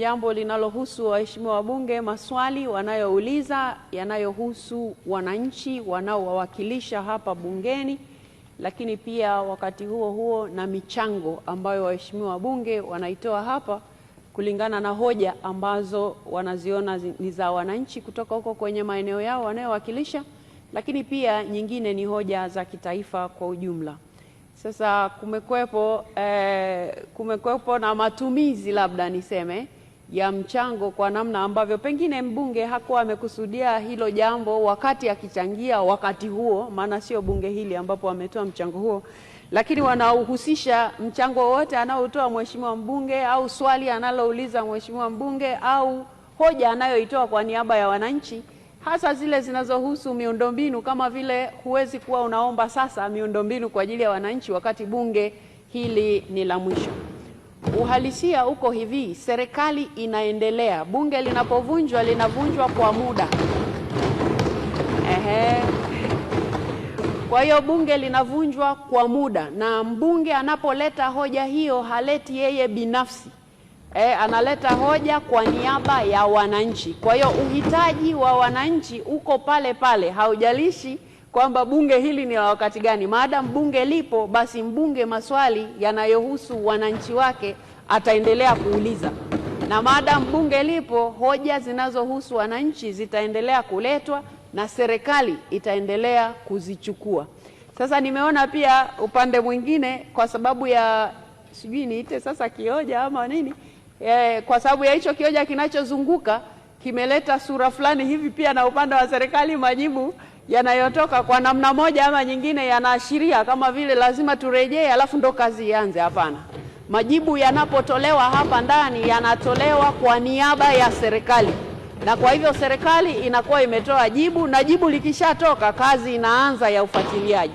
Jambo linalohusu waheshimiwa wabunge, maswali wanayouliza yanayohusu wananchi wanaowawakilisha hapa bungeni, lakini pia wakati huo huo na michango ambayo waheshimiwa wabunge wanaitoa hapa kulingana na hoja ambazo wanaziona ni za wananchi kutoka huko kwenye maeneo yao wanayowakilisha, lakini pia nyingine ni hoja za kitaifa kwa ujumla. Sasa kumekwepo, eh, kumekwepo na matumizi labda niseme ya mchango kwa namna ambavyo pengine mbunge hakuwa amekusudia hilo jambo wakati akichangia wakati huo, maana sio bunge hili ambapo ametoa mchango huo, lakini wanaohusisha mchango wote anaotoa mheshimiwa mbunge au swali analouliza mheshimiwa mbunge au hoja anayoitoa kwa niaba ya wananchi, hasa zile zinazohusu miundombinu. Kama vile huwezi kuwa unaomba sasa miundombinu kwa ajili ya wananchi wakati bunge hili ni la mwisho. Uhalisia uko hivi, serikali inaendelea, bunge linapovunjwa linavunjwa kwa muda. Ehe. Kwa hiyo bunge linavunjwa kwa muda, na mbunge anapoleta hoja hiyo haleti yeye binafsi e, analeta hoja kwa niaba ya wananchi. Kwa hiyo uhitaji wa wananchi uko pale pale, haujalishi kwamba bunge hili ni la wakati gani. maada bunge lipo, basi mbunge maswali yanayohusu wananchi wake ataendelea kuuliza, na maada bunge lipo, hoja zinazohusu wananchi zitaendelea kuletwa na serikali itaendelea kuzichukua. Sasa nimeona pia upande mwingine, kwa sababu ya sijui niite sasa kioja ama nini e, kwa sababu ya hicho kioja kinachozunguka kimeleta sura fulani hivi pia na upande wa serikali majibu yanayotoka kwa namna moja ama nyingine yanaashiria kama vile lazima turejee, alafu ndo kazi ianze. Hapana, majibu yanapotolewa hapa ndani yanatolewa kwa niaba ya serikali, na kwa hivyo serikali inakuwa imetoa jibu, na jibu likishatoka, kazi inaanza ya ufuatiliaji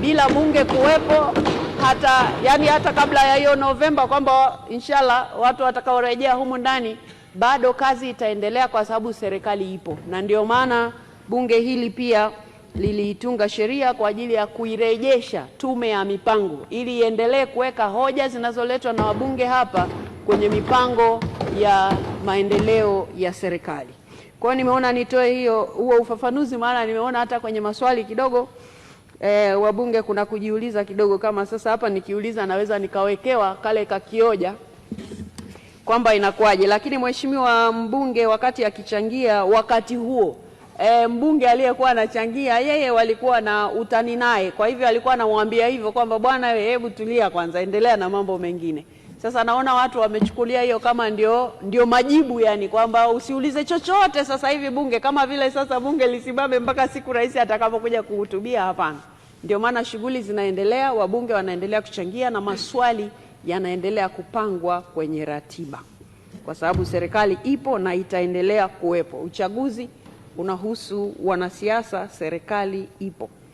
bila bunge kuwepo hata yani, hata kabla ya hiyo Novemba, kwamba inshallah watu watakaorejea humu ndani, bado kazi itaendelea kwa sababu serikali ipo, na ndio maana Bunge hili pia liliitunga sheria kwa ajili ya kuirejesha tume ya mipango ili iendelee kuweka hoja zinazoletwa na wabunge hapa kwenye mipango ya maendeleo ya serikali. Kwa hiyo nimeona nitoe hiyo huo ufafanuzi, maana nimeona hata kwenye maswali kidogo e, wabunge kuna kujiuliza kidogo, kama sasa hapa nikiuliza naweza nikawekewa kale kakioja kwamba inakuwaje. Lakini mheshimiwa mbunge wakati akichangia wakati huo e, mbunge aliyekuwa anachangia yeye walikuwa na utani naye, kwa hivyo alikuwa anamwambia hivyo kwamba bwana, hebu tulia kwanza, endelea na mambo mengine. Sasa naona watu wamechukulia hiyo kama ndio, ndio majibu yani, kwamba usiulize chochote sasa hivi bunge, kama vile sasa bunge lisimame mpaka siku rais atakapokuja kuhutubia. Hapana, ndio maana shughuli zinaendelea, wabunge wanaendelea kuchangia na maswali yanaendelea kupangwa kwenye ratiba, kwa sababu serikali ipo na itaendelea kuwepo uchaguzi unahusu wanasiasa, serikali ipo.